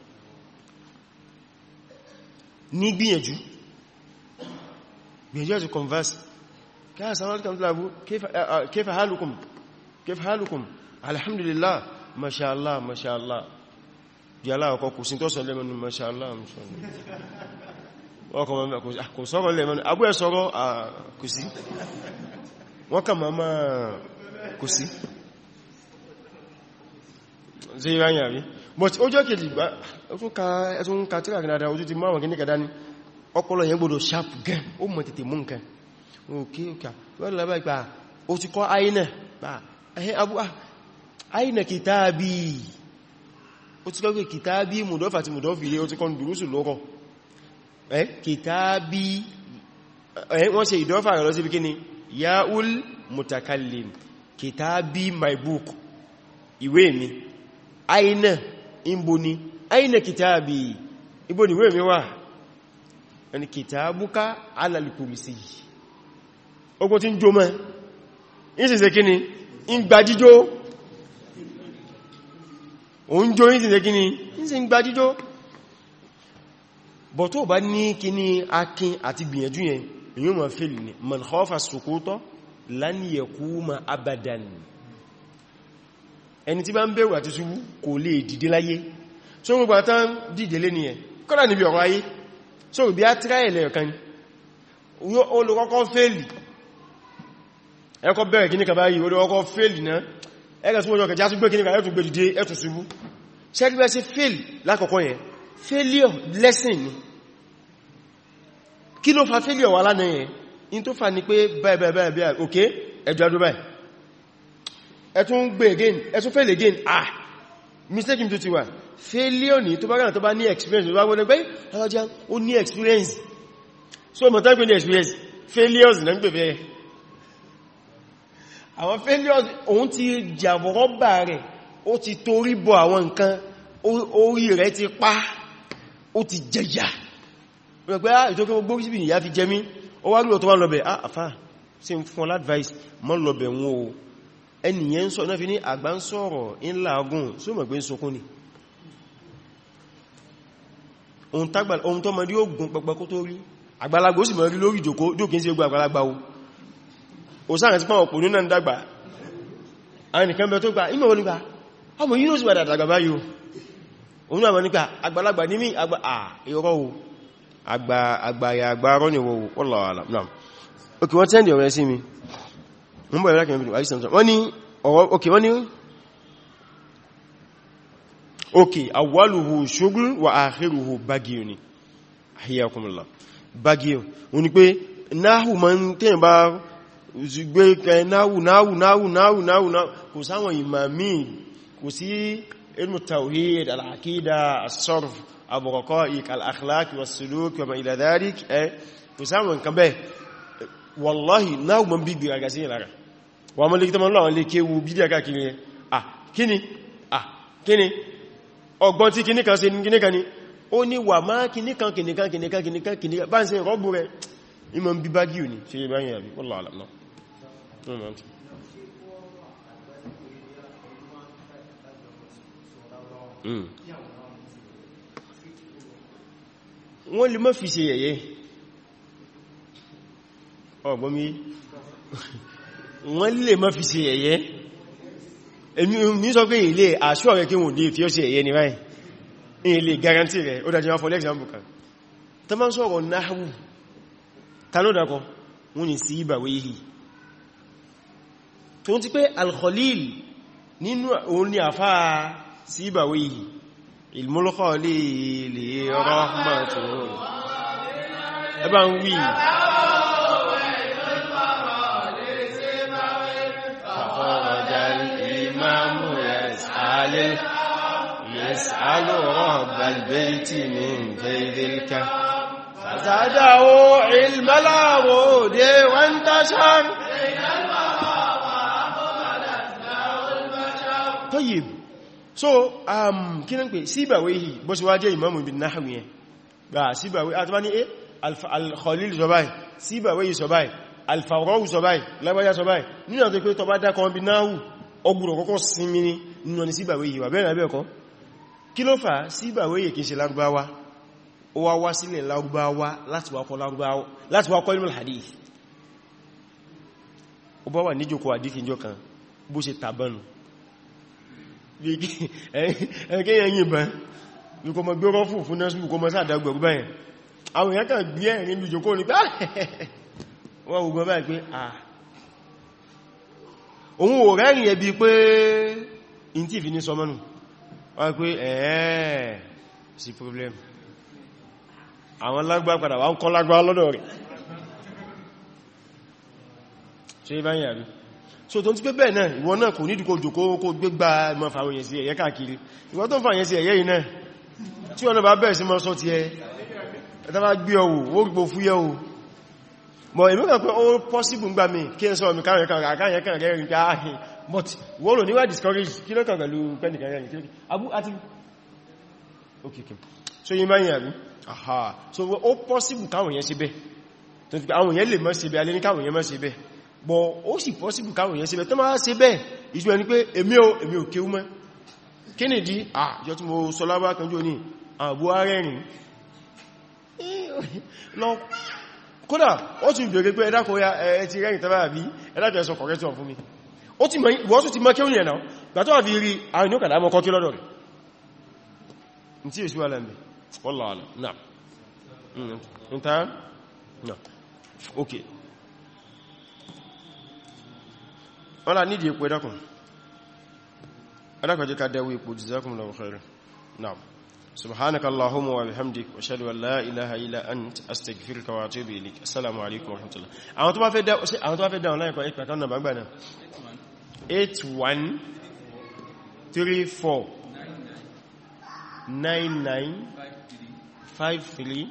ní gbìyànjú gbìyànjú àti converse كان سلامتكم تلعبوا كيف كيف حالكم كيف حالكم الحمد لله ما شاء الله ما شاء الله yàlá ọkọ̀ kò sí tó sọ lẹ́mọ̀nù mashallah ọkọ̀ kò sọ́rọ̀ lẹ́mọ̀nù abú ẹ̀ sọ́rọ̀ kò sí wọ́n kà máa máa kò sí ṣe ìráyìn àrí but ó jẹ́ kejì bá ẹ̀tún ka tíra kìnnàdà ojú ti máwọn kìnnìkàdá ní ọpọlọ yẹn gbọdọ̀ sharp gan ó mọ̀ tètè mú nǹkan òkè òkè wọ́n lọ bá ìpà ó ti kọ́ àìnà ẹ̀hẹ́ abúwá àìnà ah, kìtàbí ó ti kọ́ kìtàbí mùdọ́fà àti mùdọ́fì ó ti kọ́ dùrúsù lọ́kọ́ kìtàbí wọ́n ṣe ìdọ́fà rẹ̀ lọ sí bikini yaul mutakallim kìtàbí my book ìwé mi àìnà ìbò ni àìnà kìtàbí ìbò ni ìwé mi wà ẹni kìtàbúká alàlùkùrìsì yìí ogun tí ń jó mẹ́ ìsìnṣẹ́ kí ni ń gba jíjó òun jó ìsìnṣẹ́ kí ni ìsìn gba jíjó bọ̀ tó bá ní kí ni akin àti gbìyànjú yẹn èyí mọ̀ fèlì ni man khafa sukuta lan abadan ẹni tí bá ń bẹ̀rù àti ṣubú kò lè dìde láyé so gbogbo àtán dìde lé nìyẹn kọ́nà níbi ọ̀rọ̀ olùkọ́kọ́ fèlì ẹkọ́ bẹ̀rẹ̀ kíníkà báyìí orí ọkọ̀ fail náà ẹgbẹ̀ tí wọ́n yọ kẹjá sí gbé kíníkà ẹ̀tù gbèdìdé ẹ̀tù ṣubú ṣẹ́gbẹ́ sí fail lákọ̀ọ́kọ́ yẹn failure lesson ni kí ló fa failure wà lánàá yẹn in tó fa ni pé báyìí báyìí báyìí ok ẹjọ́ adó báyìí ẹ̀tún again ẹ̀tún fail again ah mistake mi tó ti wà failure ni tó bá gánà tó bá ní experience tó bá gbọ́dọ̀ pé alájá ó experience so mọ̀ tán pé ní experience failures àwọn failures òun ti jàbọ̀rọ̀ bà rẹ̀ ó ti torí bọ àwọn nǹkan orí rẹ̀ ti pa ó ti jẹyà pẹ̀lẹ̀pẹ̀ ìtókẹ́ gbogbo ìyá fi jẹmí ó wá lóòtọ́ ah, wọ́n lọ́bẹ̀ àfá sí ń fún advice mọ́ lọ́bẹ̀ wọn o ẹniyẹn ń sọ náà fi ní àgbà ń sọ̀rọ̀ ńlá ọgùn sí mọ̀ pé ń sọkún ni ohun tó mọ̀ rí ó gùn pẹ̀pẹ̀ kó tó rí àgbàlagbà ó sì mọ̀ rí lórí ìjòkó jókè ń sí gbogbo àgbàlagbà o òsáàrẹ̀ tí pàwọn òpònú náà dàgbà àìnìkan bẹ tó gbà ìmọ̀ olùgbà ọmọ yìí ló sì wàdà dàgbà yóò òun náà mọ̀ nípa àgbàlagbà ní mí àgbà àìrọ̀ o àgbàyà àgbà rọ́ ni wọ́wọ́ ọlọ́ọ̀lá náà ok wọ́n tẹ́ndì ọ̀rẹ́ sí mi wọ́n bọ̀ ìrákẹ̀ mẹ́bìnrin àìsàn wọ́n ní ọ̀rọ̀ ok wọ́n ní ok awwaluhu shughul wa akhiruhu baghiyu ni ahyakumullah baghiyu wọ́n ni pé náà hù mọ́ tẹ́yìn bá òsìgbé náwù náwù náwù náwù náwù kò sáwọn ìmàmí kò sí ilmù tawhid al'akida asorf sarf al-raqa'iq al-akhlaq was-suluk ila dhalik eh kò sáwọn nǹkan bẹ́ẹ̀ wallahi náwù mọ́ bí gbìraga sí ìlara wà mọ́ lè tọ́mọ́ ah kíni ah kíni ọgbọ́n tí kíní kan ṣe ní kíní kan ni ó ní wà máa kíní kan kíní kan kíní kan kíní kan kíní kan bá ń ṣe rọ́bù rẹ̀ ìmọ̀ bíbá gíò ní ṣe yẹ àbí wallahu Hmm. wọ́n lè mọ́ fi ṣe yẹ̀yẹ́ ọgbọ́mí wọ́n lè mọ́ fi ṣe yẹ̀yẹ́ èmi ní sọ pé ilé àṣọ rẹ̀ kí wọ́n dé tí ó ṣe yẹ̀yẹ́ ní báyìí ilé garanti rẹ̀ ó dájú wọn fọ́lẹ̀ example kan tó máa ń sọ̀rọ̀ náà ta tó ti pé al-Khalil nínú òun ni àfá síbàwé yìí Ilmul Khalil rahmatun ẹbá ń wí يسأل رب البيت من فيذ الكهف فزاده علم العروض وانتشر al-Musayyib so um kí ní pé Sibawayhi bó ṣe wá jẹ́ Imam Ibn Nahwi yẹn bá Sibawayhi àtúbá ní eh, al-Khalil sọ báyìí Sibawayhi sọ báyìí al-Farrawi sọ báyìí lábáyá sọ báyìí nínú àti pé tọba dákan bí náhù ọgbùrọ̀ kọ́kọ́ sinmi ní nínú ni Sibawayhi wà bẹ́ẹ̀ abẹ́ẹ̀kọ́ kí ló fà Sibawayhi kìí ṣe lárúbáwá ó wá wá sílẹ̀ lárúbáwá láti wá kọ́ ilmul hadith ó bá wà níjòkó àdífìnjọ́ kan bó ṣe ẹ̀kẹ́yẹ yìnbọn ní kọmọ gbé rọ́fù fún nẹ́sùn kọmọ sáàdàgbẹ̀rú báyìí àwọn èèyàn kan gbé ẹ̀rin lù jòkó ní pé wọ́n wùgbọ́n báyìí pé à ohun ò rẹ́rìn ẹbí e pé in tí fi ní sọmọ́nù wọ́n pé ẹ̀ẹ́ eh, sí problem àwọn lágbà padà wà ń kọ́ lágbà lọ́dọ̀ rẹ̀ ṣe báyìí àrí so tó ń ti pé bẹ́ẹ̀ náà ìwọ náà kò ní ìdíkò jòkó kó gbégbà mọ́ fàwọn èyàn sí ẹ̀yẹ káàkiri ìwọ tó ń fàyẹ̀ sí ẹ̀yẹ yìí náà tí ọ̀nà bá bẹ̀rẹ̀ sí mọ́ sọ ti ẹ ẹ̀tàbá gbé ọwò ó gbò fúyẹ́ o mọ̀ ìmúkà pé ó pọ́síbù gbà mí kí ẹ sọ mi káàkiri káàkiri káàkiri rí káàkiri but wọ́n lò níwà discourage kí ló kàn pẹ̀lú pẹ́nìkan rẹ̀ kí abú àti okay okay so yí máa yìn àrí aha so ó pọ́síbù káwọn yẹn sí bẹ́ tó ti pé àwọn yẹn lè mọ́ sí bẹ́ alẹ́ ní káwọn yẹn mọ́ sí bẹ́ bọ̀ ó sì pọ́síbù káwọn èèyàn síbẹ̀ tó máa ṣe bẹ́ẹ̀ ìṣú ẹni pé èmi ò èmi ò kéwú mọ́ kí ni dí àjọ tí mo sọ lábá kan jò ní àbú arẹ́rìn kódà ó tún bèèrè pé ẹ̀dàkọ́ ya ẹ ti rẹ́rìn tàbí àbí ẹ̀dàkọ́ ẹ̀sọ kọ̀rẹ́tọ̀ fún mi wọ́n tún ti mọ́ kéwú yẹ̀nà gbàtọ́ àfi rí àrin ó kàdà mọ́kọ́ kí lọ́dọ̀ rẹ̀ tí èsù wà lẹ́mẹ̀ wallahu a'lam náà ok wọ́n lá nídìí epo ẹ̀dàkùn ẹ̀dàkùn jẹ́ ká dẹ̀wò epo jazakumullahu khairan na'am subhanakallahumma wa bihamdi wa shadu an la ilaha illa ant astaghfiruka wa atubu ilayk assalamu alaikum wa rahmatullah àwọn tó bá fẹ́ dá àwọn tó bá fẹ́ dá online ko e kan na bagba na 81 34 99 53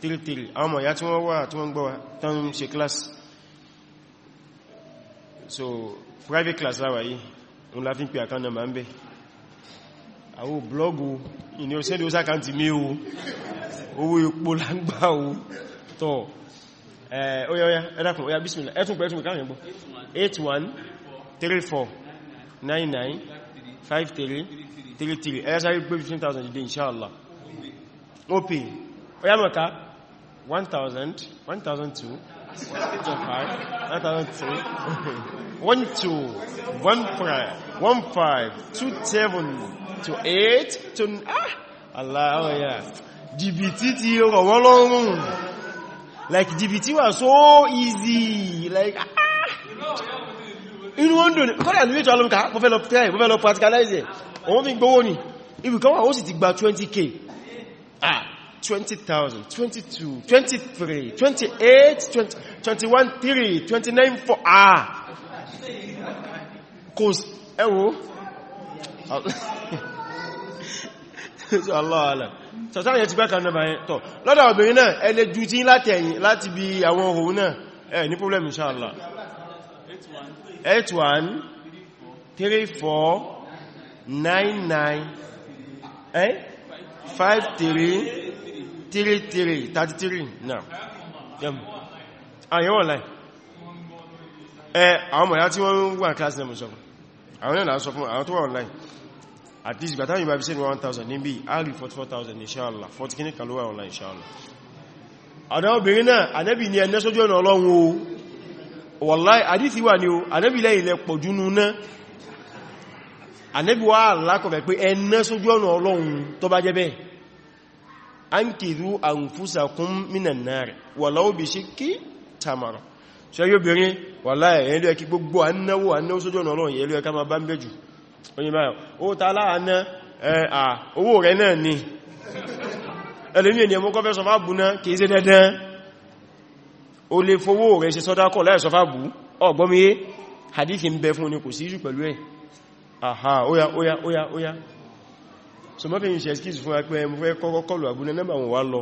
33 àwọn ya tí wọ́n wà tí wọ́n gbọ́ wa tan ṣe class so private class láwà yìí o la fi ń pè àkán náà máa ń bẹ̀ àwọ blọ́gù ìní òṣèlú sákàntì mí o owó epo lágbà o tọ́ ọya ọya ẹ̀dàkùn ọya bismillah ẹ̀tùn pẹ̀ẹ́tùn káàrin gbọ́ 8134995333 ẹ̀yà sáré pé 15,000 jìdé inṣáàlá ó pè ọya mọ̀ká 1000 1002 One two, one five, one five, two seven, two eight, two ah, Allah, oh yeah. Jìbìtì ti rọ̀ wọ́n lọ́rùn. Like jìbìtì wà so easy, like ah. Inú wọ́n dùn, kọ́lẹ̀ àlúwé tó alọ́mùká, mo fẹ́ lọ try, practicalize it. Òun fi gbówó ni, ibùkan wà ó sì ti gba 20k. Ah, 20,000, 22, 23, 28, 20, 21, 3, 29, 4. Ah! Cause, ẹwọ́. So Allah Allah. So sára yẹ ti bá kanáà báyẹn. Tọ́, lọ́dà obìnrin náà, ẹlẹ́ ju tí láti ẹ̀yìn láti bí àwọn ohun náà. Ẹ ní problem insha Allah. 81, 34, 99, eh? 53, 33 33 náà àyẹ̀wò ọ̀lá ẹ̀ àwọn mọ̀lá tí wọ́n wà class náà mọ̀ sọ fún àwọn náà sọ fún àwọn tó wà online at least gbàtà yìí bá bí sẹ́ni 1000 níbi àrí 44,000 inshallah 40 kìíní kan ló wà online inshallah ọ̀dọ̀ obìnrin náà anẹ́bì ni ẹ̀nẹ́ sójú ọ̀nà ọlọ́run o wallahi àdísì wà ní o anẹ́bì lẹ́yìn lẹ pọ̀jú núná anẹ́bì wà lákọ̀ọ̀bẹ̀ pé ẹ̀nẹ́ sójú ọ̀nà ọlọ́run tó bá jẹ́ bẹ́ẹ̀ ankidhu anfusakum minan nar walau bi shikki tamara ṣe yóò bèèrè wallahi ẹ̀yẹn ló ẹkí gbogbo annáwó annáwó sójú ọ̀nà ọlọ́run yẹ ló ẹka ma bá ń bẹ́jù oyin báyọ̀ ó ta láàánà ẹ̀à owó rẹ̀ náà ni ẹlẹ́mí ènìyàn mọ́kọ́ fẹ́ sọfá bú náà kìí ṣe dandan o lè fowó rẹ̀ ṣe sọ́dákọ̀ láì sọfá bú ọgbọ́mìyé hadith ń bẹ fún ni kò sí jù pẹ̀lú ẹ̀ aha oya oya oya oya so mọ́ fi ń ṣe excuse fún apẹ́ mú fẹ́ kọ́kọ́ kọlù àbúnẹ nẹ́bà wọn wá lọ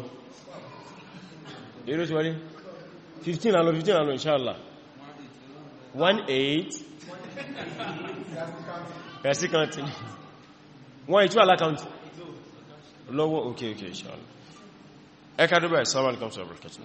eré tí wọ́n ní 15 àlọ 15 àlọ inshallah 18 pẹ̀sí kàntí wọ́n ìtú alákàntí lọ́wọ́ okay okay inshallah ẹkàdọ́bà ìsáwà alìkàmsọ̀ àbúrẹ̀kẹtù